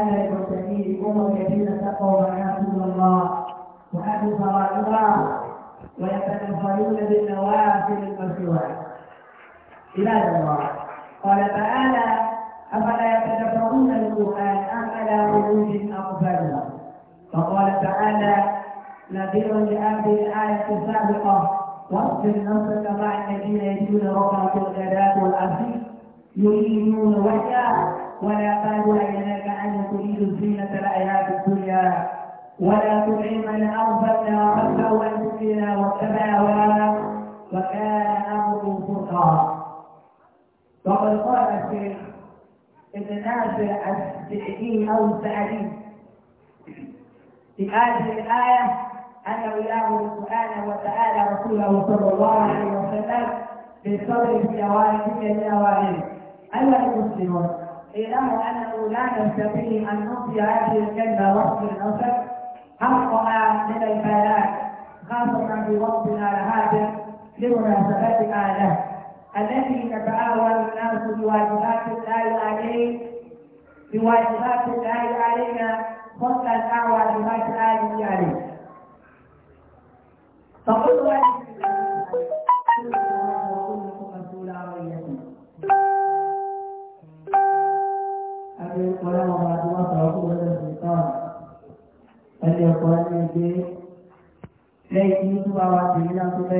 وعلى المرسلين هم الذين اتقوا معاهم الله وحفظ فرائضها ويتنفعون بالنوافل المشروعه عباد الله قال تعالى افلا يتدبرون القران ام على قلوب اقبلها وقال تعالى نذير لهذه الايه السابقه واصبر نفسك مع الذين يجدون ربك الغداة والعشي يريدون وجهه ولا قالوا أيناك أن تريد زينة الحياة الدنيا ولا تطع من أغفلنا خلفه أن تؤمنا واتبع هواه فكان أمره فرقا وقد قال الشيخ ابن الناس السعدي أو السعدي في هذه الآية أنه يأمر سبحانه وتعالى رسوله صلى الله عليه وسلم بالصبر في أوامره من أوائل أيها المسلمون إنه أنه لا نستطيع أن نعطي هذه الكلمة وقت النصر حقها من البيان خاصة في وقتنا هذا لمناسبتنا له التي تتعاون الناس بواجبات الله عليه بواجبات الله علينا فضلا عن واجبات الله عليه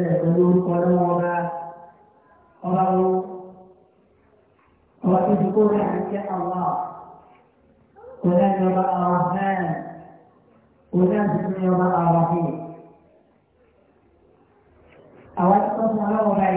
bẹ̀rẹ̀ pẹ̀lú orúkọ lọ́wọ́ ọba ọba wo ọba tó ti kó rẹ̀ àti àwa kò náà ní ọba àwọn hàn kò náà sì ọba àwọn hàn. Àwọn tó fún ọlọ́wọ́ ọba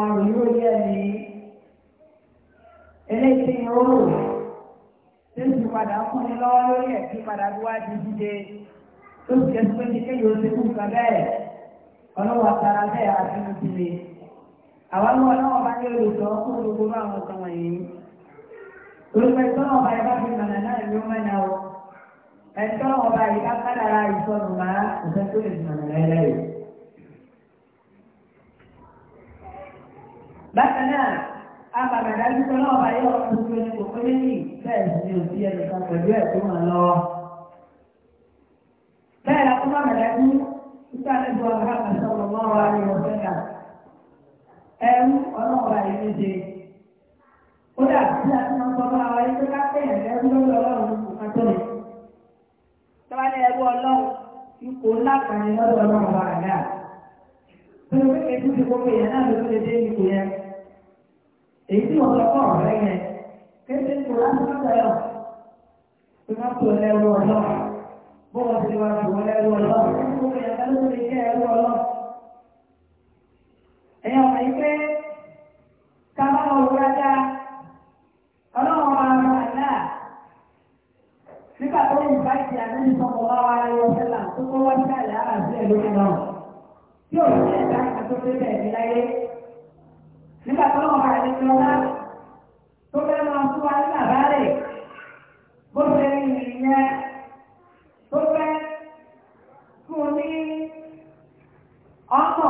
ọrùn lórí ẹni eléyìí ń rò tí ó sì padà fún ni lọ́wọ́ lórí ẹ̀ tí padà wá di dídé tó sì pé ní kéyìí ó ti kú nǹkan bẹ́ẹ̀ ọlọ́wọ́ bẹ́ẹ̀ àti àwọn ọmọ bá ní olùsọ fún gbogbo wọ̀nyí bá fi mọ̀nà náà o ẹ̀tọ́nà ọba bá kádàrà òfẹ́ tó lè mọ̀nà bákan náà apàgàdà gbígbọ́ náà bá yọ ọ̀tún ní kòkó méjì bẹ́ẹ̀ sì ni òsì ẹnì kan pẹ̀lú ẹ̀ tó hàn lọ. bẹ́ẹ̀ la fún àgàdà kú nípa ẹgbẹ́ ọ̀gá àgbàṣọ ọ̀gbọ́n wa ní ọ̀fẹ́ kà ẹ̀rú ọlọ́ọ̀bà yìí ní ṣe. ó dà bí a ti máa ń sọ fún àwọn ẹgbẹ́ ká pẹ̀yẹ̀ lẹ́rú lórí ọlọ́run kò pẹ̀lú pé ètò ti gbogbo yẹn náà ló lè dé ipò yẹn èyí tí wọ́n lọ kọ́ ọ̀rẹ́ yẹn kéde tó lásán tẹ̀lọ̀ tó má tó lẹ́rú ọlọ́ bó wọ́n ti wá tó wọ́n lẹ́rú ọlọ́ gbogbo yẹn bá ló lè jẹ́ ẹrú ọlọ́ ẹ̀yàn mọ̀ yìí pé ká má lọ wúra dá ọlọ́wọ́n máa ń rà náà nígbà tó ń bá ìdí àná ìfọ̀mọ́ wá wá ayọ̀ tó ti bẹ̀rẹ̀ ní láyé. Nígbà tó lọ́wọ́ bá ní lọ́lá tó fẹ́ máa fún wa ní bàbá rẹ̀ bó ṣe rí ìyẹn tó fẹ́ fún ní ọmọ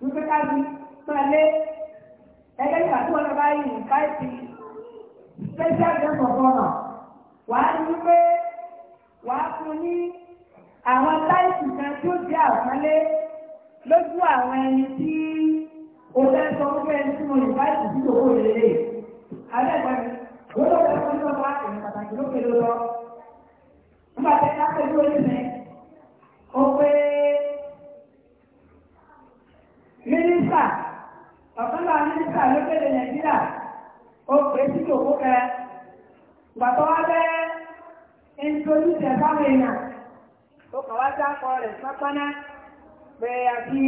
wípé ká fi pẹ́lẹ́ ẹgbẹ́ ìgbà tó wọlé báyìí káìsì special guest of honor wàá ní wípé wàá fún ní àwọn táìsì kan tó jẹ́ àpọ́nlé. lójú àwọn ẹni tí o fẹ́ sọ fún ẹni tí mo lè bá ìsìn sí owó wọ́n lọ fẹ́ ọjọ́ ìjọba èèyàn pàtàkì lókè ló lọ. nígbà tí a pẹ̀lú pé lókèlè nàìjíríà sí kẹ gbàtọ́ wá wá rẹ̀ pé àti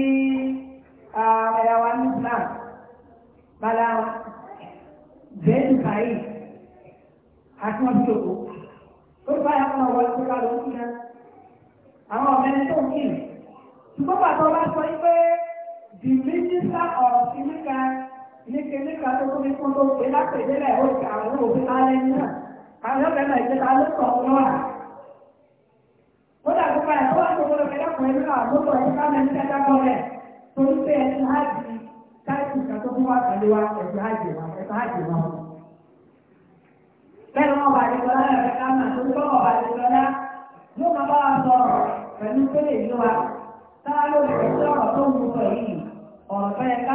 àyàwó nígbà bala bẹ́ẹ̀ni báyìí àti wọn tó kó ó bá àwọn ọmọ wọn tó bá lọ sí náà àwọn ọmọ ẹni tó ń kí ṣùgbọ́n pàtó bá sọ pé the minister of sinica ní kìnnìkà tó kún ní kún tó gbé lápèjẹ́lẹ̀ ó ti àwọn òfin alẹ́ náà àwọn ọ̀gá náà ìjẹta ló sọ ọ́ náà àgbà ẹ̀ wọ́n tó gbọ́dọ̀ fẹ́rẹ́ pọ̀ ẹ̀rọ àgbọ̀tọ̀ ẹ̀ ká mẹ́rin tẹ́tà gbọ́lẹ̀ torí pé ẹ̀sìn hajj káàkiri ìgbà tó fún wa tẹ̀lé wa ẹ̀sìn hajj wa ẹ̀sìn hajj wa. bẹ́ẹ̀ wọ́n wà nípa lára rẹ̀ ká mà tó gbọ́ wà nípa lá ló máa bá wa sọ̀rọ̀ pẹ̀lú pélé ìlú wa táwa ló lè fi ọ̀rọ̀ tó ń sọ yìí ọ̀rọ̀ fẹ́ ká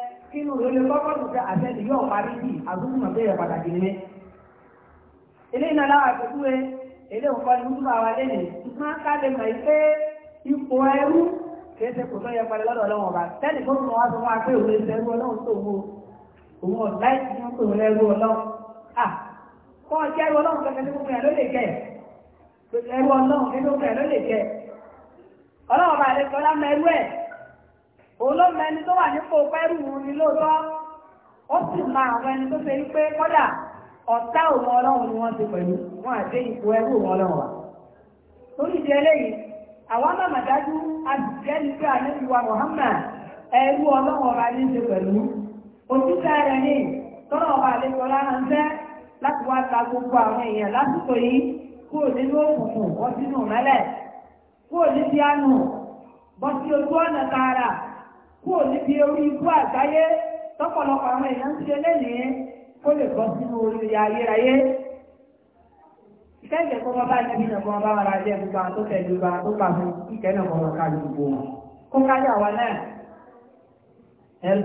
kínú ló lè kọ́kọ́ tó jẹ́ àtẹ́lẹ̀ yóò parí sí àdúgbò mọ̀ pé pàtàkì ni mẹ́. eléyìí náà láwọn àpèjúwe eléyìí nǹkan ni mútúbà wa lé nìyí ṣùgbọ́n ká lè mọ̀ pé ipò ẹrú kìí ṣe kò tó yẹ parí lọ́dọ̀ ọlọ́wọ̀n ọba tẹ́lì kó mọ̀ wá sọ wá pé òun ṣe ẹrú ọlọ́run tó wo òun ọ̀dá ìṣẹ́ tó wọlé ẹrú ọlọ́run à kọ́ ọjọ́ ẹrú ọlọ́run kẹ́kẹ́ tó gbogbo yẹn ló lè kẹ́ ẹrú ọlọ́run kẹ́kẹ́ tó gbogbo yẹn òun ló mọ ẹni tó wà nípò pẹ́rù ni lóòótọ́ ó sì mọ àwọn ẹni tó ṣe wípé kọ́dà ọ̀tá òun ọlọ́run ni wọ́n ti pẹ̀lú wọn àti ipò ẹrú òun ọlọ́run wa torí ìdí eléyìí àwọn màmá dájú àdìjẹ́ni pé àlejò wa Muhammad ẹrú ọlọ́run ọba ní ṣe pẹ̀lú òtútà rẹ̀ ní tọ́lọ̀ ọba àlejò lára láti wá ta gbogbo àwọn èèyàn lásìkò yìí kúrò nínú òkùnkùn wọ́n sínú mẹ́lẹ̀ kúrò níbi bọ́ sí ojú ọ̀nà tààrà kúrò níbi orí ibú àgbáyé tọ́pọ̀lọpọ̀ àwọn èèyàn ń ṣe lẹ́nìí kó lè bọ́ sínú orí ayérayé. ìkẹ́kẹ̀ kó bá bá ẹni náà kó bá wà láti ẹ̀mí tó tẹ̀lé bá tó bá fún ìkẹ́ náà kó gbogbo wọn. kó káyọ̀ àwa náà ẹ̀ ń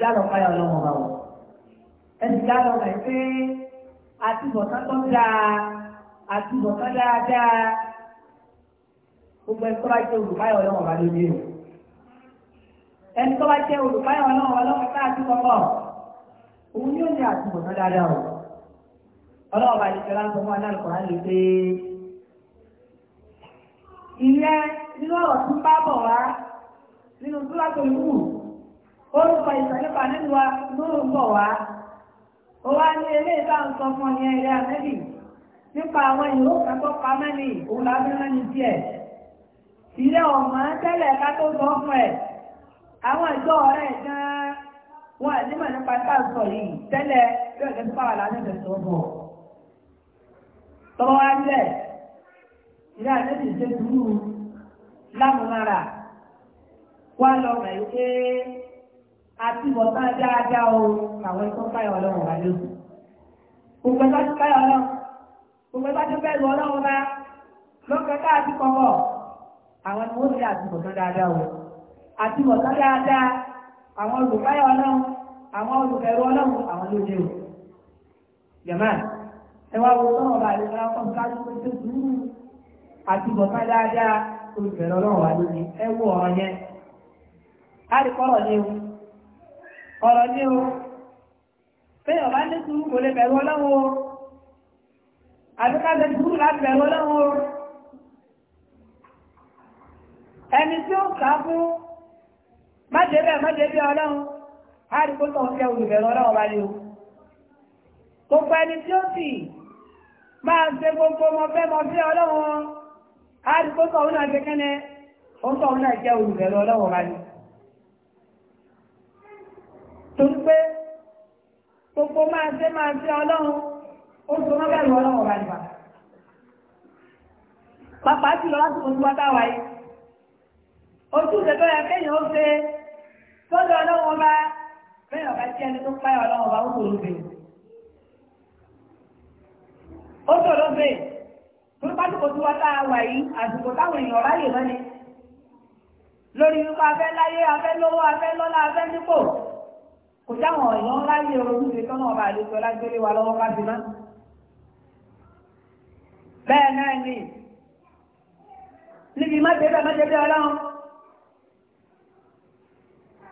káyọ̀ ọlọ́mọ bá wọ̀. ẹ ti rẹ̀ pé àtúbọ̀tán tó dáa àtúbọ̀tán dáadáa gbogbo ẹ̀ bá jẹ́ olùkáyọ̀ ọlọ́mọ bá lóde rẹ̀ ẹni tó bá jẹ́ olùbáyọ̀ ọlọ́run ọlọ́run tá a ti kọ́kọ́ òun ni ó ní àtúbọ̀ náà dáadáa o ọlọ́run bá yìí kẹlá ń sọ fún aláàlú kan lè pé ìyẹn nínú ọ̀rọ̀ tó bá bọ̀ wá nínú tó látò lùkù orúkọ ìsàlẹ́pà nínú wa lóòrùn bọ̀ wá ó wá ní eléyìí bá ń sọ fún ọ ní ẹ̀rẹ́ àmẹ́bì nípa àwọn ìlú kẹ́kọ̀ọ́ pamẹ́lì òun làbẹ́rẹ́ ní díẹ̀ ìyẹn ọ̀mọ́ tẹ́lẹ̀ ká tó sọ fún ẹ̀ àwọn ìjọ ọ̀rẹ́ gan-an wọn àti mọ̀ nípa ipá sọ yìí tẹ́lẹ̀ yóò gẹ́gẹ́ bá wà lánàá ìfẹ̀sọ̀ bọ̀. ṣe sùúrù lámúnára wá lọ mọ̀ yìí pé àti bọ̀tán dáadáa o àwọn ikọ́ káyọ̀ ọlọ́run wà lóṣù. gbogbo ẹgbẹ́ tó káyọ̀ ọlọ́run gbogbo ẹgbẹ́ tó bẹ̀rù ọlọ́run bá lọ́kẹ́ káàkiri kọ̀ọ̀kọ̀ àwọn ni wọ́n fi àti dáadáa o àti mọ̀tán dáadáa àwọn olùkáyọ̀ ọlọ́run àwọn olùkẹ̀rù ọlọ́run àwọn ló dé o. jẹ̀mọ́ ẹ wá wo tọ́wọ́ bá lè ra ọkọ̀ kájú pé tó dùn àti mọ̀tán dáadáa olùkẹ̀rù ọlọ́run wà lónìí ẹ wú ọ̀rọ̀ yẹn. a lè kọ́ ọ̀rọ̀ ní o ọ̀rọ̀ ní o pé ọ̀bá ní sùúrù kò lè bẹ̀rù ọlọ́run o àbíkájẹ sùúrù láti bẹ̀rù ọlọ́run o ẹni tí ó kà á fún má jẹ́ bẹ́ẹ̀ má jẹ́ bí ọlọ́run á rí kó tọ̀ jẹ́ olùbẹ̀rù ọlọ́run bá ní o gbogbo ẹni tí ó sì máa ṣe gbogbo ọmọ fẹ́ mọ fẹ́ ọlọ́run á rí kó tọ̀ náà jẹ́ kẹ́nẹ́ ó tọ̀ náà jẹ́ olùbẹ̀rù ọlọ́run bá ní torí pé gbogbo máa ṣe máa ṣe ọlọ́run ó so mọ́ bẹ̀rù ọlọ́run bá ní bàbá pàpàá sì lọ láti mọ̀ sí yìí ojú ìṣẹ́jọ́ yẹ kéèyàn ó ṣe lọ́dọ̀ ọlọ́wọ́ bá bẹ́ẹ̀ ọ̀gá tí ẹni tó páyà ọlọ́wọ́ bá ó tòrò bèèrè ó tòrò bèèrè tó pásìkò tí wọ́n táa wà yìí àsìkò táwọn èèyàn ráyè lọ́ni lórí wípé afẹ́ láyé afẹ́ lówó afẹ́ lọ́lá afẹ́ nípò kò táwọn èèyàn ráyè ojúṣe tọ́nà ọba àlejò lágbélé wa lọ́wọ́ ká ti má bẹ́ẹ̀ náà ni níbi má ṣe bẹ́ẹ̀ má ṣe bẹ́ẹ̀ ọlọ́run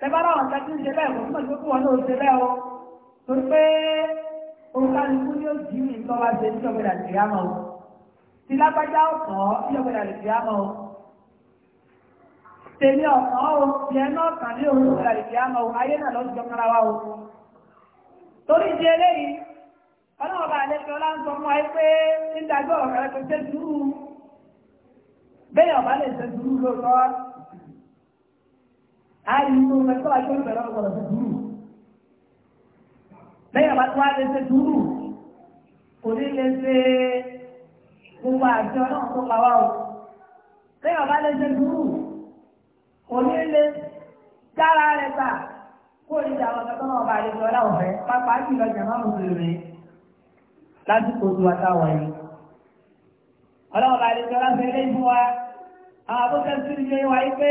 tẹ́bára wọn tẹ́tí ń ṣe bẹ́ẹ̀ kò túnmọ̀ tó kú wọn náà ṣe bẹ́ẹ̀ o torí pé olùkálukú ni ó di ní tọ́ba ṣe ní ọ̀gbẹ́dà ìyáma o ti lágbájá ọ̀tọ̀ ní ọ̀gbẹ́dà ìyáma o tèmi ọ̀tọ̀ o tiẹ̀ náà kàn ní ọ̀gbẹ́dà ìyáma o ayé náà lọ́sọ̀ọ́ kára wa o torí di eléyìí ọlọ́wọ́ bá alẹ́ fi ọlá ń sọ ọ̀rẹ́ kò ṣe ariwo mẹ́tọ́ àjọ ìbẹ̀rẹ̀ ọ̀gbọ̀dọ̀ sí dúró lẹ́yìn àbá tí wọ́n á lè ṣe dúró kò ní lè ṣe gbogbo àjọ náà tó pa wá o lẹ́yìn àbá lè ṣe dúró kò ní lè dára rẹ̀ ta kó lè dà wọn kẹ́kọ̀ọ́ náà bá lè lọ láwọn fẹ́ pápá jùlọ jàmá mùsùlùmí lásìkò tó wá táwọn yìí ọlọ́wọ́ bá lè lọ láfẹ́ lé fún wa àwọn abókẹ́sí ilé wa yìí pé.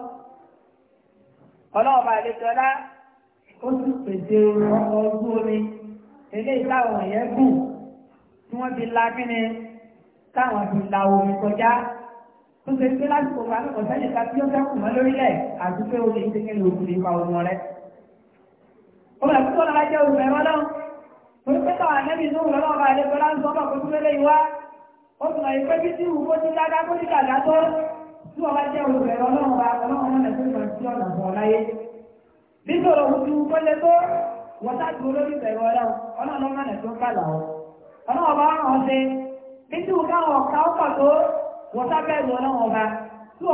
ọlọ́ọ̀bà àlejòlá ó sì pèsè ọkọ̀ ojú omi èèyàn gùn tí wọ́n ti la kíni táwọn ti la omi kọjá tó ṣe pé lásìkò wa lọ́kọ̀ sẹ́yìn ká tí ó fẹ́ mọ́ lórílẹ̀ àti pé olè ṣe kí ni lè pa ọmọ rẹ. ó bẹ̀rẹ̀ tó lọ́la jẹ́ òun ẹ̀rọ náà torí pé táwọn tó tí ọba bá jẹ́ olùbẹ̀rẹ̀ ọlọ́run bá ọlọ́run náà lẹ́sìn lọ sí ọ̀nà bọ̀ láyé nítorí ohun tí wọ́n tó wọ́n sá olórí bẹ̀rẹ̀ ọlọ́run ọlọ́run náà ọlọ́run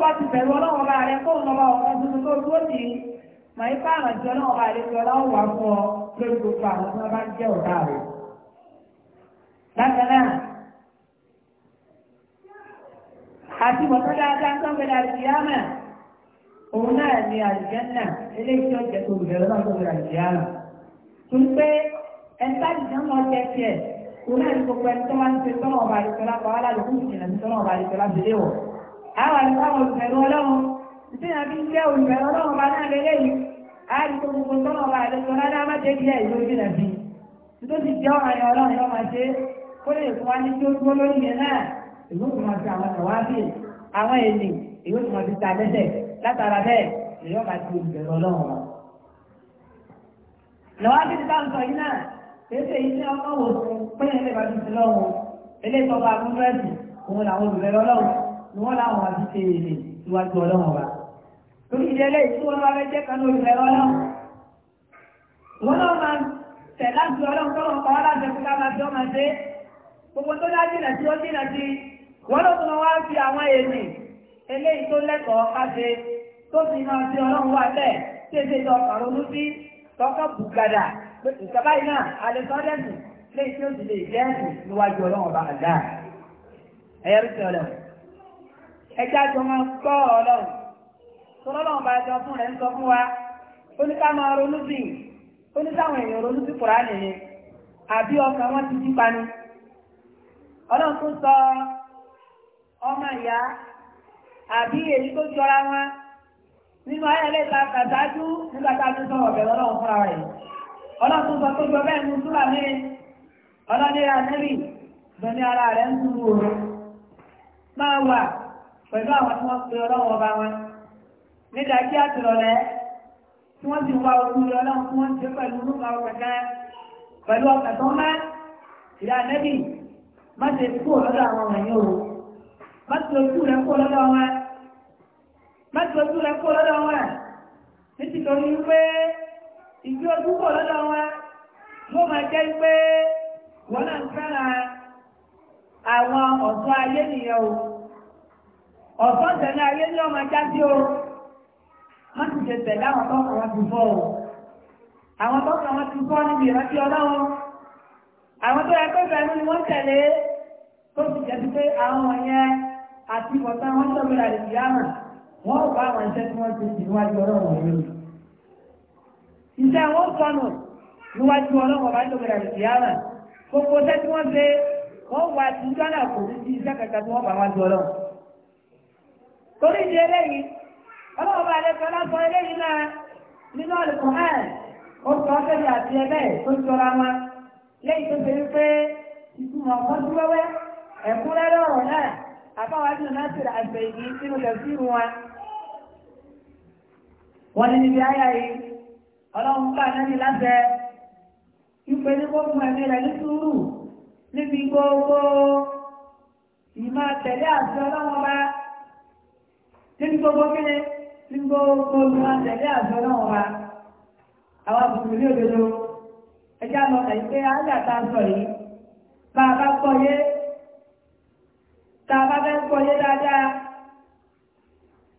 bá tí wọ́n tó àti bọ̀tọ́ dáadáa tó ń bẹ̀rẹ̀ àlùkìyámà òun náà ní àlùjánnà eléyìí tó jẹ́ olùbẹ̀rẹ̀ náà tó bẹ̀rẹ̀ àlùkìyámà tún pé ẹ̀ńtà ìjọba ọ̀tẹ̀ tiẹ̀ òun náà ní gbogbo ẹni tó máa ń ṣe tọ́nà ọba àdìsọ́lá pa wá lálùkù ìjìnà ní tọ́nà ọba àdìsọ́lá fi lé wọ̀. àwọn àlùkò àwọn olùbẹ̀rẹ̀ ọlọ́run ìdí náà fi jẹ́ olùbẹ̀rẹ̀ ọlọ́run ọba náà lélẹ̀ yìí àdìsọ gbogbo tọ́nà ọba àdìsọ́lá náà má jẹ́ díẹ̀ ìlú ìjìnà bí. nítorí jẹ́ ọ̀ràn ọlọ́run yóò máa ṣe kó lè fún wa ní tí ó gbó lórí yẹn náà èyí ó tún máa fi àwọn ẹ̀wá bí àwọn èlì èyí ó tún máa fi ta lẹ́sẹ̀ látara bẹ́ẹ̀ èyí ó máa ti bẹ̀rẹ̀ ọlọ́run wa. lọ́wọ́ bí nípa ń sọ yìí náà pèsè yìí ní ọmọ wò fún péye lè bàtú sí lọ́wọ́ eléyìí tọ́ba kúndúrẹ́sì òun làwọn olùbẹ̀rẹ̀ ọlọ́run ni wọ́n láwọn àti ṣe èrè síwájú ọlọ́run wa. torí ìdílé ìtúwọ́n wa fẹ́ jẹ́ kan olùbẹ̀rẹ̀ ọlọ́run wọ́n náà máa tẹ̀ láti ọlọ́run tọ́wọ́ pa ọ́ láti ẹ̀kú ká máa fi ọmọ ṣe gbogbo tó dájú ìlà ó dínà wọ́n ló tún wá fi àwọn èdè eléyìí tó lẹ́kọ̀ọ́ káṣe tó fi hàn ọlọ́run wá tí tó sí tọ́kọ̀ bùgàdà ìjọba iná alẹ́sọ́dẹ́sì tí ó sì lè jẹ́ ẹ̀sìn níwájú ọlọ́run ọba àgbà ẹ̀yẹ́ bí ti ọlọ́run ẹjá jọ máa kọ́ ọlọ́run tó lọ́lọ́run bá jọ fún rẹ̀ ń sọ fún wa ó ní ká máa ronú sí ó ní sáwọn èèyàn ronú sí Kùránì ni àbí ọkàn wọn ti jí pani ọlọ́run tó sọ ọmọ ìyá àbí èyí tó jọra wọn nínú ayẹlẹ ta kàdájú nígbà tá a ti sọ̀rọ̀ bẹ̀rẹ̀ ọlọ́run fúnra rẹ̀ ọlọ́run sọ tó jọ bẹ́ẹ̀ nu súlà mi ọlọ́ni anẹ́rì lọ́ní ara rẹ̀ ń máa wà pẹ̀lú àwọn tí wọ́n pe wọn nígbà kí àtìrọ̀lẹ́ tí wọ́n ti wá ojú rẹ̀ ọlọ́run tí wọ́n pẹ̀lú nípa ọkàn pẹ̀lú ọkàn tó má ṣe kú àwọn mọ́tò ojú rẹ̀ kó lọ́dọ̀ wọn mọ́tò ojú rẹ̀ kó pé ìgbé ojú kó lọ́dọ̀ wọn ló máa jẹ́ pé wọ́n náà fẹ́ràn àwọn awọn ayé nìyẹn o ọ̀ṣọ́ tẹ̀lé ayé ní ọmọ ajá o ma ti tẹ̀tẹ̀ láwọn tọ́kọ̀ wọn ti fọ́ o àwọn tọ́kọ̀ wọn ti fọ́ níbi ìrántí ni àti ọ̀tá wọn tó gbéra lè yáàmà wọn bá àwọn iṣẹ́ tí wọ́n ti sì níwájú ọlọ́run ọ̀hún lónìí. iṣẹ́ wọn sọnù níwájú ọlọ́run ọba tó gbéra lè yáàmà gbogbo iṣẹ́ tí wọ́n ṣe wọ́n wà tí kò ní iṣẹ́ kẹta tí wọ́n bá wájú torí ìdí eléyìí bá lè eléyìí náà nínú ọ̀lùkùn àbáwá jù náà ti àgbẹ̀ yìí sínú lẹ́sí wa wọ́n ní níbi ayá yìí ọlọ́run bá náà ní láṣẹ ìpè ní kó fún ẹ̀mí rẹ̀ ní sùúrù níbi gbogbo ìmọ̀ tẹ̀lé àti ọlọ́run bá níbi gbogbo kíni níbi gbogbo ìmọ̀ tẹ̀lé àti ọlọ́run bá àwọn àbùkù ní òdodo ẹjá lọ kàyí pé ayé àtàkọ yìí bá a bá kọ yé tàbá fẹ́ kọlé dáadáa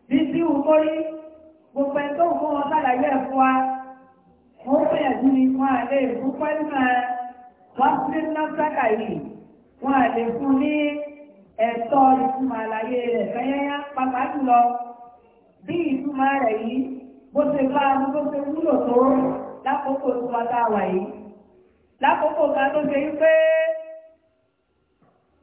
bí tí ò kórí gbogbo ẹ̀ tó ń fún wọn sàlàyé ẹ̀ fún wa mo ń pè ẹ̀dùn ni wọn à lè fún pẹ́lú náà wọ́n ti ní nọ́ọ̀sákà yìí wọn à lè fún ní ẹ̀tọ́ ìtumọ̀ àlàyé rẹ̀ fẹ́yẹ́yá pàpà jùlọ bí ìtumọ̀ rẹ̀ yìí bó ṣe bá a bó ṣe wúlò tó lákòókò tó wá tá a wà yìí lákòókò ká tó ṣe yí pé.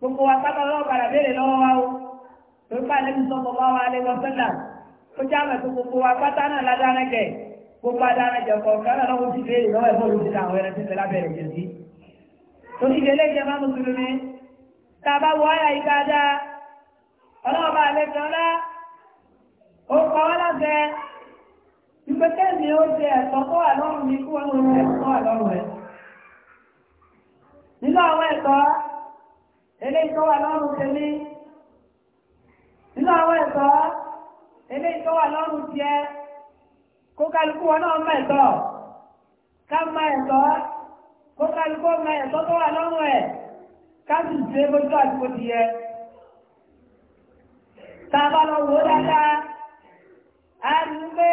gbogbo wa pátá lọ́wọ́ padà béèrè lọ́wọ́ wa o torí pa àlejò sọ́kọ̀ bá wa lé wọ́sẹ́là ó já mẹ́tò gbogbo wa pátá náà ládàáná jẹ gbogbo adáná jẹ kọ kálá lọ́wọ́ ti béèrè lọ́wọ́ ẹ̀fọ́ ló ti ta àwọn ẹran tẹ́tẹ́ lábẹ́rẹ̀ jẹ sí. torí ìdílé jẹ máa mùsùlùmí tá a bá wọ àyà yìí dáadáa ọlọ́wọ́ bá àlejò ọlá ó kọ́ ọ́ láṣẹ ìpè kẹ́mi ó ṣe ẹ̀tọ́ tó wà lọ́rùn mi kú ọ̀rùn rẹ̀ tó wà lọ́rùn rẹ̀ nínú àwọn ẹ̀tọ́ eléyìí tó wà lọ́rùn tèmi nínú àwọn ẹ̀tọ́ eléyìí tó wà lọ́rùn tiẹ̀ kó kálukú wọn náà mọ ẹ̀tọ́ ká mọ ẹ̀tọ́ kó kálukú mọ ẹ̀tọ́ tó wà lọ́rùn ẹ̀ ká sì ṣe bójú àti bó ti yẹ. tá a bá lọ wò ó dáadáa a ń gbé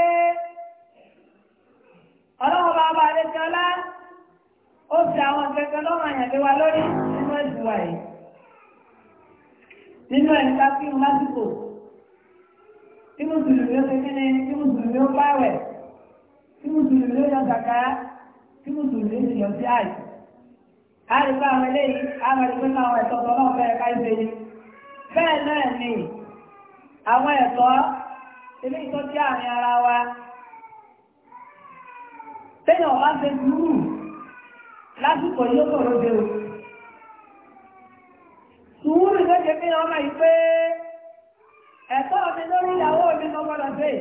ọlọ́wọ́ bá bá a lè jọlá ó fi àwọn kẹ̀kẹ́ lọ́rùn àyànfẹ́ wa lórí nínú nínú ẹni ká kí wọn lásìkò kí mùsùlùmí ó ṣe kí ni kí mùsùlùmí ó báwẹ̀ kí mùsùlùmí ó yọ kàkà kí mùsùlùmí ó yọ sí àyè. a lè fún àwọn eléyìí a máa lè fún àwọn ẹ̀tọ́ tó náà fẹ́ẹ́ ká ṣe yìí. bẹ́ẹ̀ náà ni àwọn ẹ̀tọ́ eléyìí tó jẹ́ àárín ara wa. téèyàn wá ṣe dúró lásìkò yóò kọ̀ lóde o sùúrù ló ṣe fi ọmọ yìí pé ẹ̀tọ́ mi lórí ìyàwó mi mo gbọ́dọ̀ sí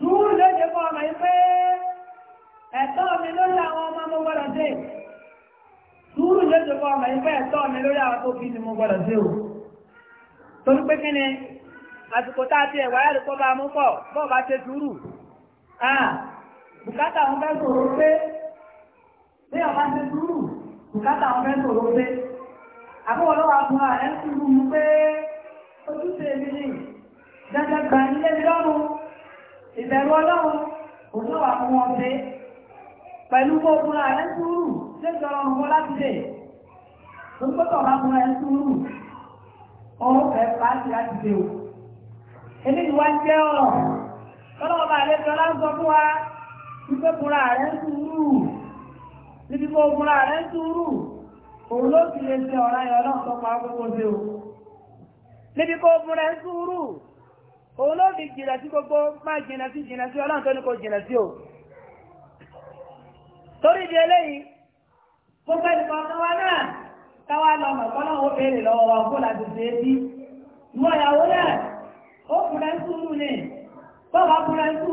sùúrù ló ṣe fún ọmọ yìí pé ẹ̀tọ́ mi lórí àwọn ọmọ mo gbọ́dọ̀ sí sùúrù ló ṣe fún ọmọ yìí pé ẹ̀tọ́ mi lórí àwọn tó fi ni mo gbọ́dọ̀ sí o torí pé kí ni àsìkò tá a ti ẹ̀wà ẹ̀rù kọ́ bá mú pọ̀ bọ́ọ̀ bá ṣe sùúrù bùkátà àwọn fẹ́ sọ̀rọ̀ pé bí ọba ṣe sùúrù bùkátà àwọn fẹ́ sọ̀rọ̀ àbúrò lọ́wọ́ àbúrò rẹ̀ ń túbú mú pé ojúṣe mi ni dandan gbà nílé mi lọ́rùn ìbẹ̀rù ọlọ́run òun náà wà fún wọn pé pẹ̀lú bó búra rẹ̀ ń túrù ṣé ìjọba ọ̀run kọ́ láti dè tó ń gbọ́dọ̀ bá búra rẹ̀ ń túrù ọ̀hún fẹ́ pàṣẹ láti dè o. eléyìí wá ń jẹ́ ọ̀rọ̀ tọ́lọ́wọ́ bá lè jọ láǹsọ fún wa wípé búra rẹ̀ ń òun ló fi lè ṣe ọ̀rá yẹn ọlọ́run tó o níbi kó mú rẹ̀ sùúrù òun ló fi jìnà sí gbogbo má jìnà sí jìnà sí ọlọ́run tó ní kò jìnà sí o torí di eléyìí gbogbo ẹnìkan ọ̀sán wa náà táwa lọ mọ̀ kọ́nà ó béèrè lọ́wọ́ wa kó láti ṣe é bí mú ọ̀yàwó náà ó mú rẹ̀ sùúrù ni bọ́ọ̀ bá mú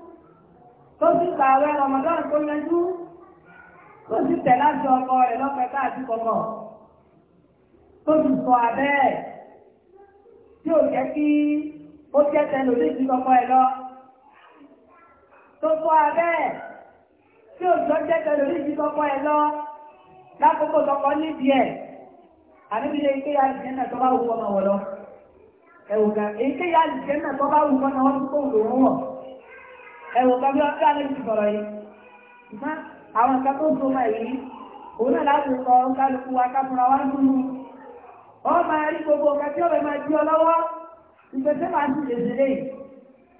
tó sì pààrọ̀ Ramadan tó yanjú tó sì tẹ̀ láti ọkọ rẹ̀ lọ́pẹ́ káàdì kọ̀kọ̀ tó sì sọ abẹ́ ẹ̀ tí ò jẹ́ kí ó jẹ́ tẹnu léjì kọ̀kọ̀ ẹ̀ lọ tó sọ abẹ́ ẹ̀ tí ò jọ jẹ́ tẹnu léjì kọ̀kọ̀ ẹ̀ lọ lákòókò tọkọ nídìí ẹ̀ àníbílẹ̀ ìkéyà ìjẹ́nà tó bá wù ọmọ wọ̀ lọ ẹ̀wùgà èyíkéyà ìjẹ́nà tó bá wù ọmọ wọn tó kó òun lòún wọ̀. ẹ̀wọ̀n kan bí ọjọ́ alẹ́ ti sọ̀rọ̀ yìí ṣùgbọ́n àwọn nǹkan tó so mọ̀ yìí òun náà láti sọ kálukú wa káfúnra wá dúró ọ máa rí gbogbo ọ̀gá tí ọ̀rẹ́ máa jí ọ lọ́wọ́ ìgbẹ́ tí máa sì lè fèlè yìí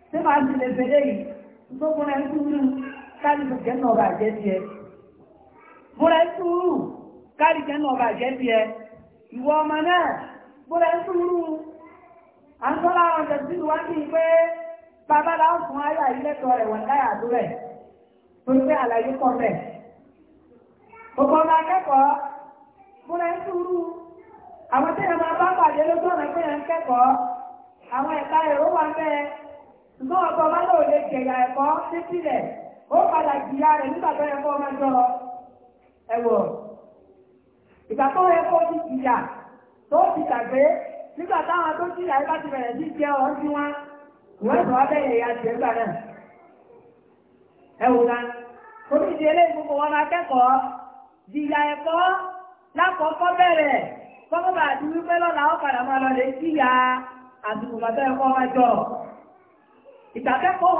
tí máa sì lè fèlè yìí gbogbo rẹ̀ ń túrú ọba àjẹ́ tiẹ̀ ń túrú ọba tiẹ̀ ìwọ ọmọ náà ń túrú sí ìwádìí pé bàbá la ó fún ayé àyílẹ́tọ̀ rẹ̀ wọ̀n láyà àdúrà ẹ̀ torí pé àlàyé kọ́ bẹ̀. Gbogbo ọmọ akẹ́kọ̀ọ́ múra ń túrú àwọn tí ìyàmọ̀ bá pàdé lójú tó ti tàgbé ìwọ́n sọ abẹ́yẹ ya jẹ́ gbà náà ẹ wò eléyìí gbogbo wọn máa jìyà ẹ̀kọ́ lákọ̀ọ́kọ́ bẹ̀rẹ̀ kọ́kọ́ àti wípé lọ́la ó padà máa lọ lè jìyà ẹ̀kọ́ jọ ìtàkẹ́kọ̀ọ́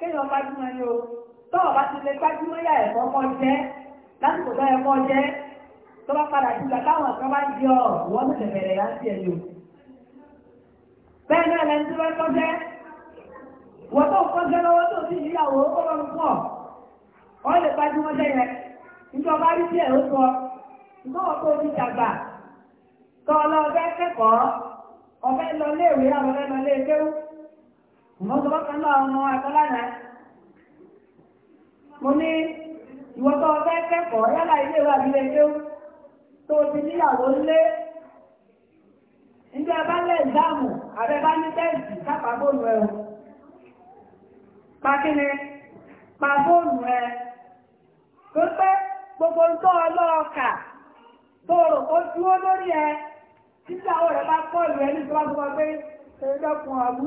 kéèyàn gbájúmọ́ ni o tọ́wọ́ bá ti lè gbájúmọ́ yà ẹ̀kọ́ kọ́ jẹ́ lásìkò tó ẹ̀kọ́ jẹ́ tó bá padà sí ìgbà táwọn kan bá di ọ̀ wọ́n ti bẹ̀rẹ̀ yá sí ẹ̀ bẹ́ẹ̀ náà lẹ́ni tí wọ́n kọ́ jẹ́ wọ́n tó kọ́ jẹ́ lọ́wọ́ tó ti yíyàwó ó lọ fún ọ̀ lè gbájúmọ́ jẹ́ yẹn nítorí bá rí sí ẹ̀ ó sọ nítorí tó ti dàgbà tọ́ ọ lọ ọbẹ̀ kẹ́kọ̀ọ́ ọbẹ̀ lọ lé ìwé àwọn ọbẹ̀ lọ lé kéwú mo sọ bá kan náà ọmọ àtọ́lánà mo ní ìwọ tó fẹ́ kẹ́kọ̀ọ́ yálà ilé wa ilé tó tó ti níyàwó lé nígbà bá lẹ̀ ìdáàmù àbẹ bá ní tẹ́ẹ̀sì kápá fóònù ẹ̀ pa kíni pa fóònù ẹ̀ tó pé gbogbo tó ọlọ́ọ̀kà tó rò ó dúró lórí ẹ títí àwọn ọ̀rẹ́ bá kọ́ ìrẹ́lú tó bá tó bá pé ẹ̀rọ fún àbú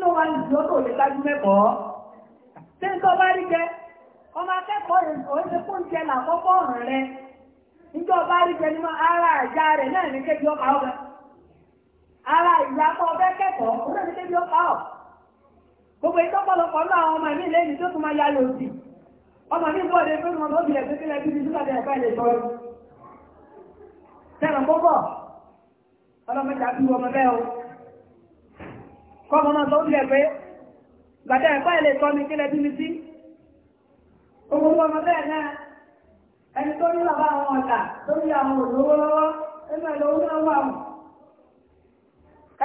ló wá ní ìjọ tó lè lájú mẹ́kọ̀ọ́ tí ń tọ́ bá rí jẹ ọmọ akẹ́kọ̀ọ́ òṣè kó ń jẹ làkọ́kọ́ ọ̀ràn rẹ níjọ bá rí jẹ nínú ara ìyá rẹ náà ní kébi ọkà ọ̀gá ara ọbẹ̀ kẹ́kọ̀ọ́ ní ọkà ọ̀ gbogbo ìtọ́pọ̀lọpọ̀ kọ́mọ náà lọ́wọ́ ilẹ̀ pé gbàdá ẹ̀kọ́ ẹ̀ lè tọ́ mi kílẹ̀ bíbi sí ogun ọmọ bẹ́ẹ̀ náà ẹni tó ní bàbá àwọn ọ̀tà tó ní àwọn olówó lọ́wọ́ ẹnu ẹ̀ lòun náà wà hùn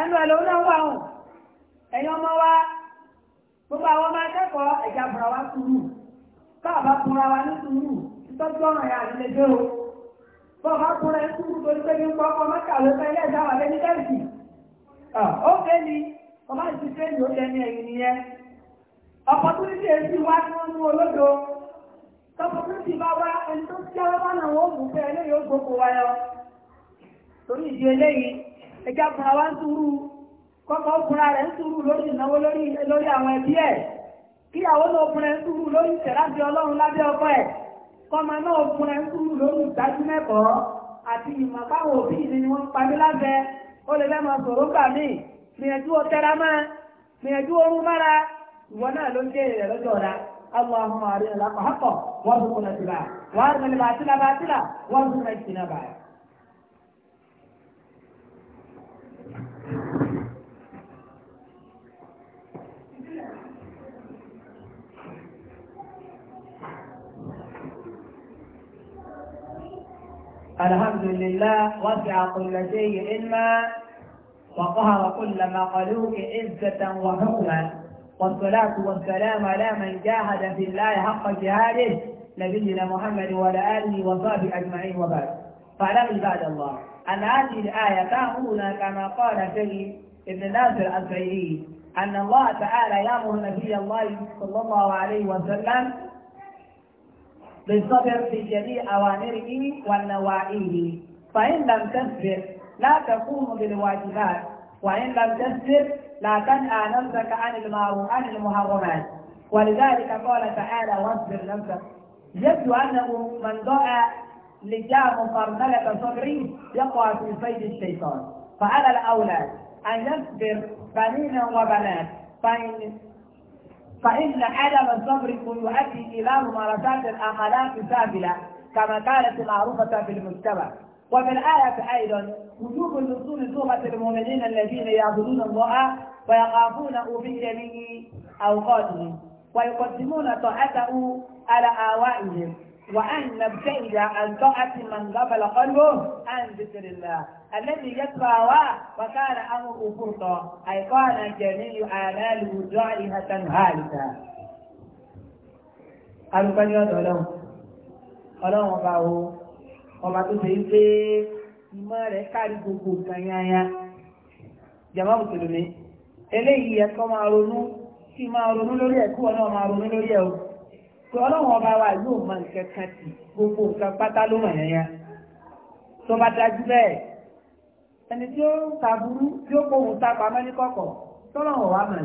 ẹnu ẹ̀ lòun náà wà hùn ẹ̀yin ọmọ wa gbogbo àwọn ọmọ akẹ́kọ̀ọ́ ẹ̀já bùrọ̀ wa sùúrù káà bá kúnra wa ní sùúrù ìtọ́jú ọ̀ràn yà ní lẹ́jọ́ o bọ́ ọba kúnra ẹ̀ sùúrù tó ní pé ọba ti fẹ́ ní oúnjẹ ní ẹ̀yìn nìyẹn ọ̀pọ̀ tó ní ṣe sí wá ní wọ́n mú olódo tọ́pọ̀ tó ti bá wá ẹni tó ti jáwé bá náà wọ́n mú fẹ́ eléyìí ó gbogbo wa yọ torí ìdí eléyìí ẹja fúnra wa ń túrú kọ́kọ́ fúnra rẹ̀ ń túrú lórí ìnáwó lórí àwọn ẹbí ẹ̀ kíyàwó náà fúnra ń túrú lórí ìṣẹ̀ lábẹ́ ọlọ́run lábẹ́ ọkọ ẹ̀ kọ́mọ náà fúnra ń túrú lórí ìdájú mẹ́kọ̀ọ́ àti ìmọ̀ báwọn òbí ìdí ni wọ́n ń pamí lábẹ́ ó lè gbìyànjú ọ̀tẹ́ra máa gbìyànjú oorun mára ìwọ náà ló ń jẹ́ ìrẹ̀ lọ́jọ́ ọ̀la اللهم أرنا الحق حقا وارزقنا اتباعه وأرنا الباطل باطلا وارزقنا اجتنابه الحمد لله وسع كل شيء علما وقهر كل مخلوق عزة وحكما والصلاة والسلام على من جاهد في الله حق جهاده نبينا محمد وعلى آله وصحبه أجمعين وبعد فاعلم عباد الله أن هذه الآية تأمرنا كما قال سيدي ابن ناصر الزيدي أن الله تعالى يأمر نبي الله صلى الله عليه وسلم بالصبر في جميع أوامره ونواهيه فإن لم تصبر لا تقوم بالواجبات وإن لم تسجد لا تنهى نفسك عن المعروف عن المحرمات ولذلك قال تعالى واصبر نفسك يبدو أنه من دعا لجام فرملة صبري يقع في صيد الشيطان فعلى الأولاد أن يصبر بنينا وبنات فإن فإن عدم الصبر يؤدي إلى ممارسات الأخلاق السافلة كما كانت معروفة في المجتمع وفي الآية أيضا وجوب الوصول سورة المؤمنين الذين يعبدون الله ويخافونه في جميع أوقاتهم ويقدمون طاعته على آوائهم وأن نبتعد عن طاعة من قبل قلبه عن ذكر الله الذي يتبع وكان أمره فرطا أي كان جميع آلاله جائحة هالكة أرقى يدعو لهم ọlọ́run ọba tó ṣe wípé ìmọ̀ rẹ̀ kárí gbogbo nǹkan yányá jàmá mùsùlùmí eléyìí ẹ̀kọ́ máa ronú kí máa ronú lórí ẹ̀kú ọlọ́run máa ronú lórí ẹ̀ o tó ọlọ́run ọba wa yóò mọ nǹkan kan tì gbogbo nǹkan pátá ló mọ̀ yányá tó bá dájú bẹ́ẹ̀ ẹni tí ó taburú tí ó kóhun tápamọ́ ní kọ̀kọ̀ tọ́lọ́run wà mọ̀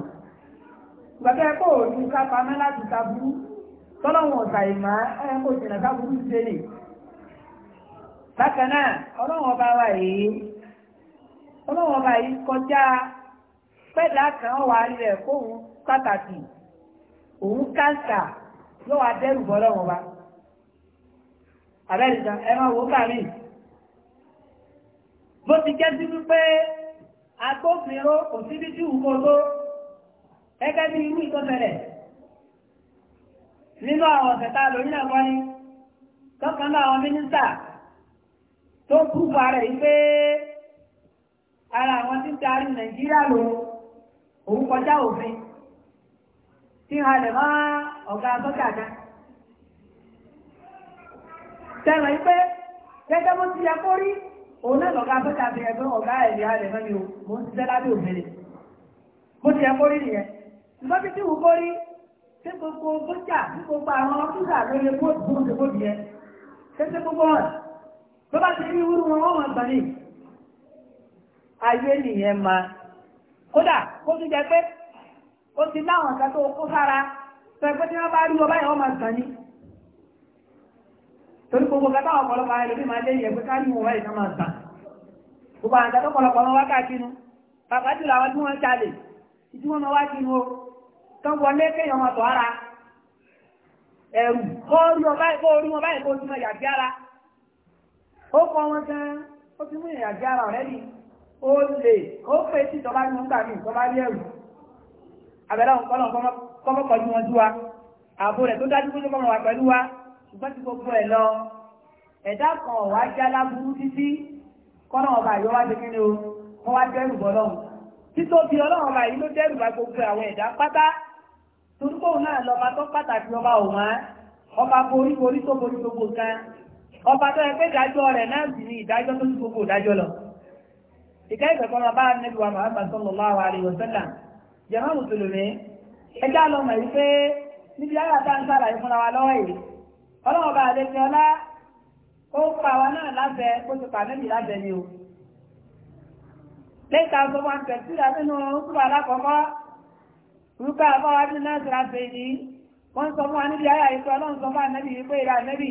gbàgbé ẹ̀kọ́ òòlù kápamọ́ láti taburú tọ́lọ́run ọ̀sà ìmọ̀ ẹ̀kọ́ ìjìnlẹ̀ taburú ti dé nìyí bákan náà ọlọ́wọ́n bá wà yìí ọlọ́wọ́n bá yìí kọjá pẹ́lá kan wà rẹ̀ fóun pàtàkì òun káńsà ló wà bọ́ bá àbẹ́rìsà ẹ wò ó bó ti jẹ́ sí wípé agbófinró kò síbi tí tó gẹ́gẹ́ bí ìtọ́sẹ̀lẹ̀ nínú àwọn wọ́n ni náà àwọn mínísítà tó púpà rẹ̀ yí pé ara àwọn tí darí nàìjíríà lò òun kọjá òfin tí a lè mọ́ ọ̀gá sọ́jà kan tẹ́lẹ̀ yí pé gẹ́gẹ́ bó ti yẹ kó rí òun náà lọ́gá sọ́jà fi ẹgbẹ́ ọ̀gá ẹ̀rí a lè mọ́ ni o mo ń ṣiṣẹ́ lábẹ́ òfin bó ti yẹ kó rí nìyẹn ṣùgbọ́n bí tí wù kó rí ṣé gbogbo sọ́jà bí gbogbo àwọn ọ́fíìsà ló lè kó ìgbóhùn ṣe kó di yẹ ṣé ṣé gbogbo ọ̀rọ̀ tó bá ti rí wúrú wọn wọ́n máa gbà ní ayé nìyẹn ma kódà kó tún jẹ pé ó ti láwọn kan tó kó sára pẹ̀pẹ́ tí wọ́n bá rí ọba yẹn wọ́n máa gbà ní torí gbogbo kẹta ọ̀pọ̀lọpọ̀ ayé lóbi máa léyìn ẹgbẹ́ káàdì wọn wáyé náà máa gbà gbogbo àwọn àjọ ọ̀pọ̀lọpọ̀ wọn wá káàkiri bàbá jùlọ àwọn tí wọ́n jalè ìdí wọn máa wá kiri o tó wọlé kéèyàn máa tọ́ ara ẹ̀rù kó orí wọn báyìí kó orí wọn báyìí kó ojú wọn yàgbé ara ó kọ́ wọn gan ó ti mú ìrìnàjò ara rẹ̀ ni ó lè ó pè tí ìjọba ní nígbà míì tó bá rí ẹ̀rù abẹ́rẹ́ òun kọ́lọ̀ kọ́mọ́ wọn sí wa ààbò rẹ̀ tó dájú pé kọ́mọ́ wà pẹ̀lú wa ṣùgbọ́n ti gbogbo ẹ̀ lọ ẹ̀dá kan ọ̀wá já lábúrú títí kọ́lọ̀ ọba àyọ̀ wá ṣe kí o wọ́n wá dẹ́rù bọ́ lọ́hùn títóbi ọlọ́run ọba yìí ló dẹ́rù bá gbogbo àwọn ẹ̀dá pátá torúkọ̀ náà lọ́ba tó pàtàkì ọba òun ọba borí borí tó borí gbogbo kan ọba tó ẹgbẹ́ ìdájọ́ rẹ̀ náà sì ni ìdájọ́ tó ti gbogbo ìdájọ́ lọ. ìka ìfẹ̀kọ́ máa bá nẹ́bí wa Muhammad sallallahu alaihi wasallam jàmá mùsùlùmí ẹjá lọ mọ̀ wípé níbi ayé àtàǹsára ìfúnra wa lọ́wọ́ yìí ọlọ́wọ́ bá adé fiọlá ó pa wa náà lábẹ́ ó ti pa nẹ́bí lábẹ́ ni o. lẹ́yìn tá a sọ wọn pẹ̀sí nínú túbọ̀ alákọ̀ọ́kọ́ rúkà àbáwájú náà sọ̀rọ̀ àfẹ́ yìí wọ́n sọ fún wa níbi ayé àyíkọ́ ọlọ́run sọ fún ànẹ́bí wípé ìlà ànẹ́bí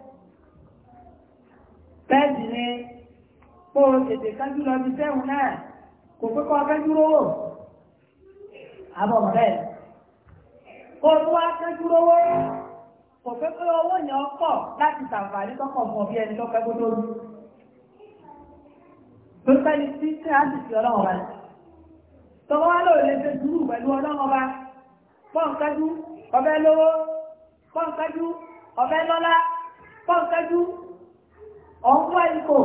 bẹ́ẹ̀dì ni kó o tètè kájú lọ bí sẹ́hùn náà kò pé kọ́ kájú rówó àbọ̀ bẹ́ẹ̀ kó o tó wá kájú rówó kò pé pé owó yẹn ọkọ̀ láti ṣàǹfààní tọkọ̀ mọ̀ bí ẹni lọ́pẹ́ kó tó lù tó sẹ́ni tí tí a sì fi ọlọ́run wa tọwọ́ wá lò lè ṣe sùúrù pẹ̀lú ọlọ́run wa pọ́ǹkájú ọbẹ̀ lówó pọ́ǹkájú ọbẹ̀ lọ́lá pọ́ǹkájú ọ̀pọ̀ ìkò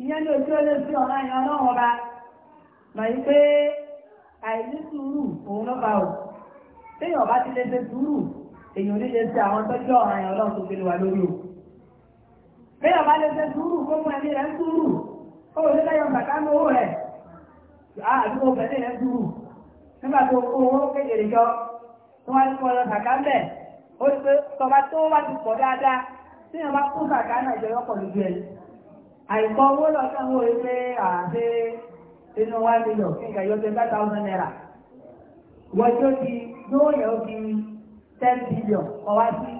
ìyẹn ní ojú ẹlẹ́ sí ọ̀nà ìyẹn ọlọ́run ọba mà yí pé àìní sùúrù òun ló bá o téèyàn ọba ti lè ṣe sùúrù èèyàn ní lè ṣe àwọn tọ́jú ọ̀ràn ìyẹn ọlọ́run tó fi lè wà lórí o téèyàn ọba lè ṣe sùúrù kó mú ẹni rẹ̀ ń sùúrù ó lè lẹ́yìn bàtà ní owó rẹ̀ àdúgbò bẹ̀rẹ̀ rẹ̀ sùúrù nígbà tó kó owó kékeré jọ tó wá ní kọ́ lọ bàtà ń bẹ̀ ó ti pé tọba tó wá ti pọ̀ dáadáa tí wọ́n bá kó kàkà náà jẹ́ lọ́pọ̀ lójú ẹ̀ àìkọ́ owó lọ́sọ̀ ń wo ilé àti inú wa nílò kí nǹkan yọ twenty thousand naira wọ́n tó ti lóòyẹ̀ ó fi ten billion ọwá sí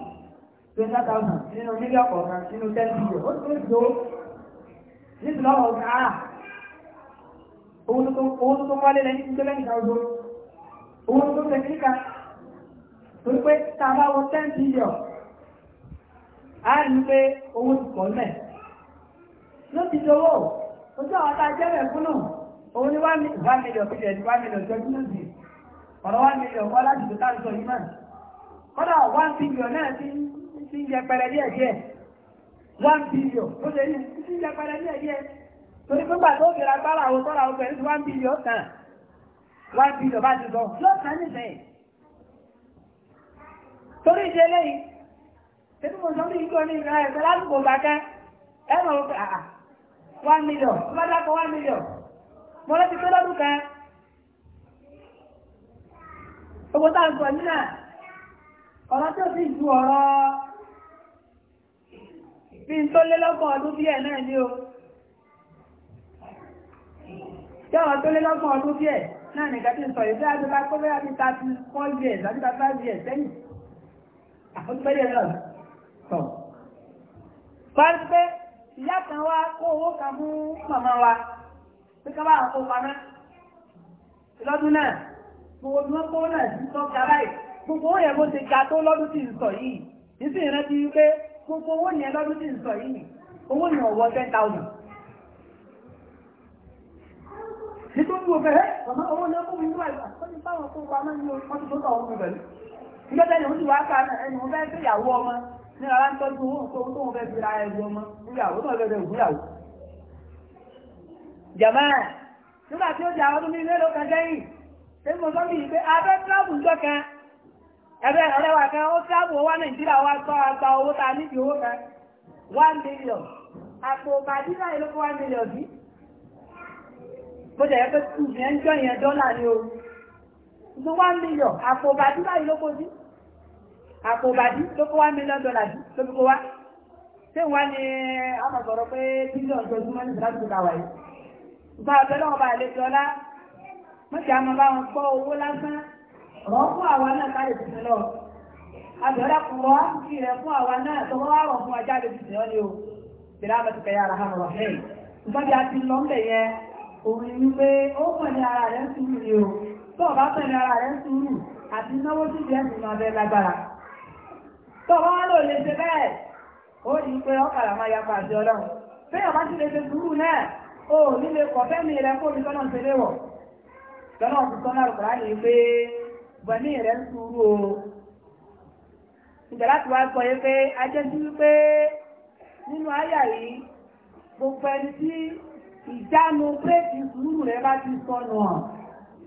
twenty thousand nínú mílíọ̀nù kọ̀ọ̀kan nínú ten billion ó tó tó nítorí ọ̀rọ̀ ọ̀gá owó tó wọlé lẹ́yìn tó lẹ́yìn náà owó tó tẹ̀síkà torí pé tá a bá wọ ten billion. á rí pé owó ti pọ̀ mẹ́ ló ti dowó ojú àwọn tá a jẹ́ ni one million fi one million jọjú náà sí ọ̀rọ̀ one million kọ́ láti tó táàrí sọ yìí náà kọ́dà one billion náà ti ń jẹ pẹrẹ díẹ̀ díẹ̀ one billion ó lè ní ti ń jẹ pẹrẹ díẹ̀ díẹ̀ torí àwọn tọ́ra one billion one billion bá ti sọ torí ìdílé yìí tẹ́tí mo sọ fún yìí kí wọ́n ní ìlú ẹ̀fẹ́ lásìkò gbà one million tó bá dákọ̀ one million mo lọ́ ti pé lọ́dún kan owó tá à ń sọ yìí náà ọ̀rọ̀ tó sì ju ọ̀rọ̀ bí n tó lé lọ́gbọ̀n ọdún bí ẹ̀ náà ni o tí ọ̀rọ̀ tó lé lọ́gbọ̀n ọdún bí ẹ̀ náà nìkan ti sọ yìí bí a ti bá kó tọ̀. Báyìí ìyá kan wá kó owó kan wa ká bá pamẹ́. Lọ́dún náà, gbogbo ọdún kó náà sí sọ́kà báyìí. Gbogbo bó ga tó lọ́dún tí ń sọ yìí. Nísì ti wípé gbogbo owó yẹn lọ́dún wo mi ti kó pamẹ́ ní oṣù tó tọ̀ ní ara ń tọ́jú owó tó tó wọn fẹ́ fi ra ẹrù ọmọ níyàwó náà fẹ́ fẹ́ ògbúyàwó. jàmá nígbà tí ó di àwọn ọdún bíi mélòó kan sẹ́yìn ṣé mo sọ fún yìí pé abẹ́ tíráàbù ńjọ kan ẹgbẹ́ ọ̀rẹ́ wa ó tíráàbù wá nàìjíríà wá sọ àgbà owó ta níbi owó kan one million àpò bàdínà ìlú fún one million bí. mo jẹ̀ pé kù yẹn jọ yẹn dọ́là ni o. one million àpò bàdínà ìlú kò sí àpò bàdí tó kó wá mílíọ̀n dọ́là bí tó fi kó wá tí wọ́n ní ọmọ sọ̀rọ̀ pé bílíọ̀n tó súnmọ́ ní ìsìláàtì tó kàwáyé ìgbà ọ̀bẹ lọ́wọ́ bá àlejò ọlá mọ́tì àmọ́ bá wọn gbọ́ owó lásán rọ̀ fún àwa náà káyè tuntun lọ àbẹ̀rẹ̀ kù rọ̀ áfíì rẹ̀ fún àwa náà tọwọ́ wá rọ̀ fún ajá lè tuntun ọ ni o ìlà àbẹ̀tì kẹyà ara hàn rọ̀ fẹ́ ìgbọ́n bí a ti lọ ń bẹ̀ yẹn òun ni pé ó pọ̀ ní ara o tó o bá pẹ̀ ní àti náwó sí ìdí ẹ̀sìn máa lágbára tọ́wọ́ wọn lò lè ṣe bẹ́ẹ̀ ó rí i pé ọkàrà máa ya pàṣẹ ọlọ́run fẹ́yàn bá ti lè ṣe sùúrù náà ó nílé kọ̀ fẹ́mi rẹ kó mi tọ́nà ṣe léwọ̀ tọ́nà ti tọ́nà àrùkọ̀rá ní pé bọ̀ní rẹ ń sùúrù o ìjà láti wá sọ yé pé ajé sí wípé nínú àyà yìí gbogbo ẹni tí ìjánu bírèkì sùúrù rẹ bá ti sọnù hàn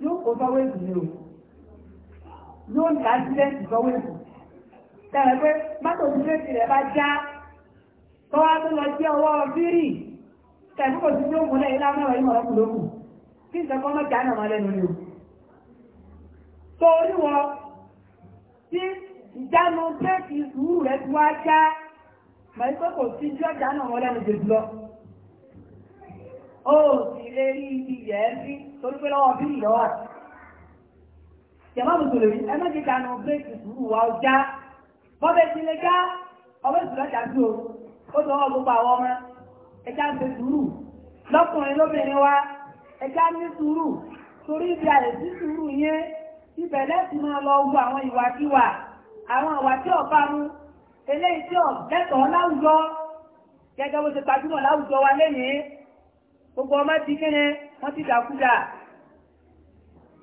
yóò kó sọ́wọ́ èdè o yóò ní àṣírẹ́ǹtì sọ́wọ́ èdè Tẹ̀rẹ̀ pé mọ́tò tí méjì rẹ̀ bá já, kọ́ wá tó lọ jẹ́ ọwọ́ fírì, tẹ̀rẹ̀ kò sí tí ó múlẹ̀ ilá mẹ́wàá yìí mọ̀rọ̀ kùlókù. Kí ìṣẹ́kọ́ mọ́ já nàmọ́ lẹ́nu ni o. Torí wọn, tí ìjánu méjì sùúrù rẹ̀ ti wá já, mọ̀ ikọ́ kò sí tí ó já nàmọ́ lẹ́nu jù jẹ́ jánu ó bọ́bẹ̀ ti lè já ọmọ ìsúná jàdú o ó sọ wọn gbogbo àwọn ọmọ ń sùúrù lọ́kùnrin lóbìnrin wa ń ní sùúrù torí ibi sí sùúrù yẹn ibẹ̀ máa lọ àwọn ìwàkiwà àwọn gbogbo ọmọ ti kéne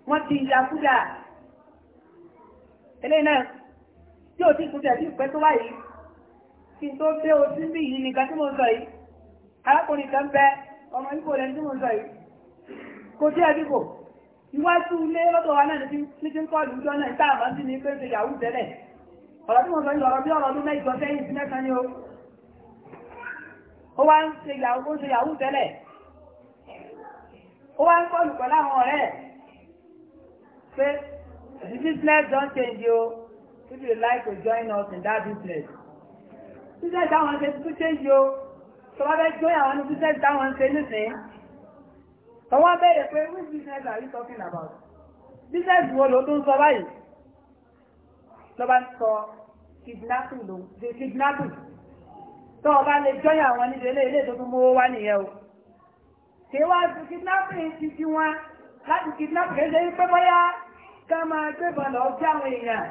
wọ́n ti tí ò tí kúrò tó báyìí kí n tó dé ojú bí yìí nìkan tí mo sọ yìí arákùnrin kan bẹ ọmọ ibo lẹni tí mo sọ yìí kò tí ẹbí kò iwájú ilé lọ́dọ̀ wa náà ní ti ń kọ́ọ̀lù ìjọ náà ìta àmọ́ sí ni pé ṣe tẹ́lẹ̀ ọ̀rọ̀ tí mo sọ yìí ọ̀rọ̀ bí ọ̀rọ̀ ọdún mẹ́jọ sẹ́yìn sí if you like to join us in that business. business táwọn ṣe to change you. So I fẹ́ join àwọn ní business táwọn ṣe nísìn tó wọ́n bẹ̀rẹ̀ pé which business are you talking about business wo ló tún sọ báyìí ló bá ń sọ kidnapping ló ṣe kidnapping tó o bá lè join àwọn níbi ilé ilé tó tún mú wá nìyẹn o kì í wá ju kidnapping ti ti wọn láti kidnapping kéde pé bóyá ká máa gbébọn lọ sí àwọn èèyàn.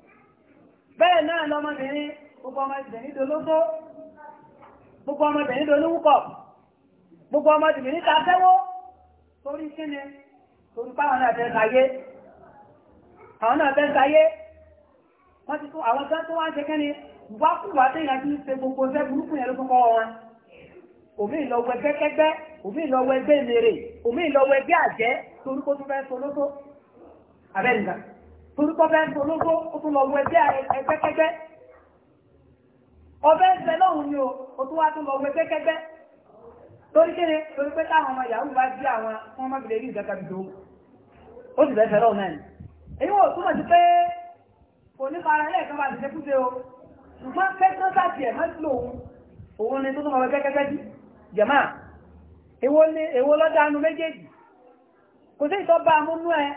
bẹ́ẹ̀ náà lọ́mọbìnrin gbogbo ọmọbìnrin dológbó gbogbo ọmọbìnrin dolówúkọ̀ gbogbo ọmọbìnrin ta fẹ́wó torí kíni torí páwọn náà fẹ́ sáyé àwọn náà fẹ́ sáyé wọ́n ti tó àwọn tán tó wá ń ṣe kíni wákùwà tí ìrìnàjò ń ṣe gbogbo ṣẹ́ burúkú yẹn ló fún kọ́ wọn òmí ìlọ́wọ́ ẹgbẹ́ kẹgbẹ́ òmí ìlọ́wọ́ ẹgbẹ́ ìmèrè òmí ìlọ́wọ́ ẹgbẹ́ àjẹ́ torí kó tún fẹ́ solóso abẹ́nìkan torí kọ́ bẹ́ẹ̀ ń dológbó ó tún lọ wọ ẹgbẹ́ ẹgbẹ́kẹ́gbẹ́ ọbẹ̀ ń bẹ lọ́hùn ni o ó tún wá tún lọ wọ ẹgbẹ́kẹ́gbẹ́ torí kéde torí pé táwọn ọmọ yahoo bá jí àwọn fún ọmọ ìbílẹ̀ yìí ìjọba ìdó ó sì bẹ́ẹ̀ fẹ́ lọ́hùn náà ni èyí wò túmọ̀ sí pé kò ní fara ilé ẹ̀kan bá ti ṣekúṣe o ṣùgbọ́n kẹ́kọ́ sáàtì ẹ̀ mọ́tì lòun òun ni tó tún lọ wọ ẹgbẹ́kẹ́gbẹ́ bí jẹ̀má èwo lọ́dà nu méjèèjì kò sí ìtọ́ bá amúnú ẹ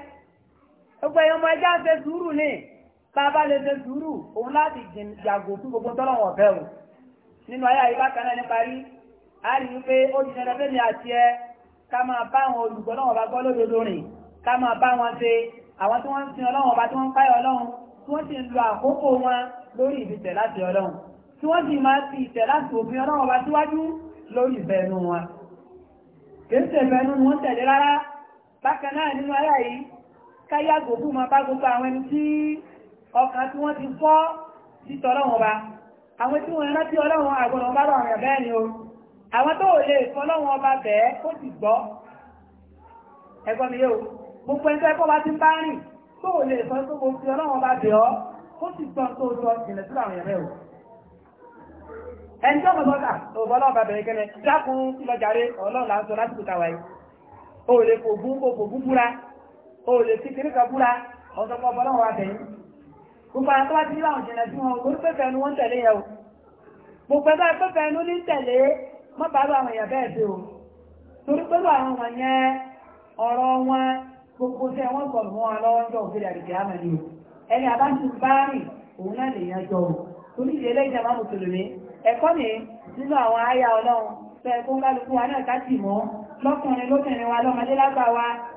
gbogbo ẹ̀yọ́ ọmọ ẹja ń ṣe sùúrù ní bàbá lè ṣe sùúrù òun láti yàgò fún gbogbo tọ́lọ́wọ̀n bẹ́ẹ̀ o nínú ayé àyíká kan náà ní parí a rí i pé ó ti ṣẹlẹ̀ fẹ́mi àti ẹ ká máa bá àwọn olùgbọ́ náà bá gbọ́ lódodo rìn ká máa bá wọn ṣe àwọn tí wọ́n ń sin ọlọ́run ọba tí wọ́n ń páyọ̀ ọlọ́run tí wọ́n sì ń lo àkókò wọn lórí ìbìtẹ̀ láti ọlọ́run tí wọ́n sì máa fi ìtẹ̀ láti òfin ọlọ́run ọba síwájú lórí ìbẹ̀nu wọn kìí ṣe ìbẹ̀nu wọn tẹ̀lé rárá bákan náà nínú ayé yìí káyàgò fún ma bá gbogbo àwọn ẹni tí ọkàn tí wọ́n ti fọ́ títọ́ ọlọ́run ọba àwọn tí wọ́n rántí ọlọ́run àgbọ̀nà bá rọ̀ ọ̀rìn bẹ́ẹ̀ ni o àwọn tó lè fọ́ ọlọ́run ọba bẹ́ẹ̀ kó sì gbọ́ ẹgbọ́n mi yóò gbogbo ẹgbẹ́ ẹgbọ́ bá ti ń bá rìn tó lè fọ́ tó gbogbo fi ọlọ́run ọba kó sì là o lè ti kiri kabúra ọ̀sọ̀pọ̀ ọ̀pọ̀lọ́wọ́ àtẹ̀yìn gbogbo àwọn tó bá ti láwọn jìnà sí wọn orí pẹ́fẹ́ ẹnu wọ́n tẹ̀lé yẹ o gbogbo ẹgbẹ́ pẹ́fẹ́ ẹnu ní tẹ̀lé mọ́ bá lọ àwọn èèyàn bẹ́ẹ̀ dé o torí pẹ́lú àwọn ọmọ yẹn ọ̀rọ̀ wọn gbogbo tẹ́ wọ́n kọ̀ mọ́ wọn lọ́wọ́ jọ òfin ni o ẹni àbá ti bá rìn òun náà lè yan jọ o torí ìdílé ìjàmbá mùsùlùmí ẹ̀kọ́ lọ́kùnrin lóbìnrin wa lọ́mọdé lágbà wa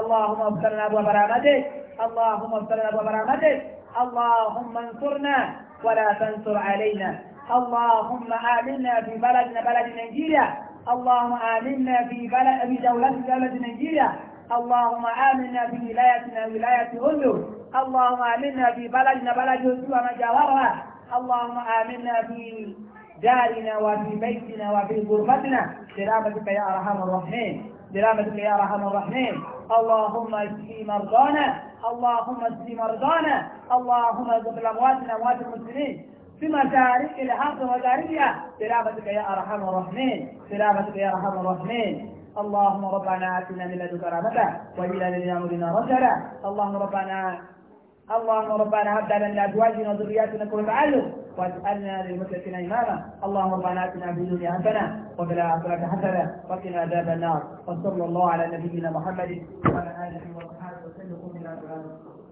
اللهم اغفر لنا وبرامتك اللهم اغفر لنا وبرامتك اللهم انصرنا ولا تنصر علينا اللهم آمنا في بلدنا بلد نيجيريا اللهم آمنا في بلد في دولتنا بلد نيجيريا اللهم آمنا في ولايتنا ولاية أولو اللهم آمنا في بلدنا بلد وما مجاورها اللهم آمنا في دارنا وفي بيتنا وفي غرفتنا برحمتك يا أرحم الراحمين برحمتك يا أرحم الراحمين اللهم اشف مرضانا اللهم اشف مرضانا اللهم اغفر امواتنا واموات المسلمين في مشارق الارض وغاربها برحمتك يا ارحم الراحمين برحمتك يا ارحم الراحمين اللهم ربنا اتنا من لدنك رحمه واجعل لنا امرنا رشدا اللهم ربنا اللهم ربنا هب لنا من ازواجنا وذرياتنا قرة اعين واجعلنا للمتقين إماما اللهم ربنا آتنا في الدنيا حسنة وفي الآخرة حسنة وقنا عذاب النار وصلى الله على نبينا محمد وعلى آله وصحبه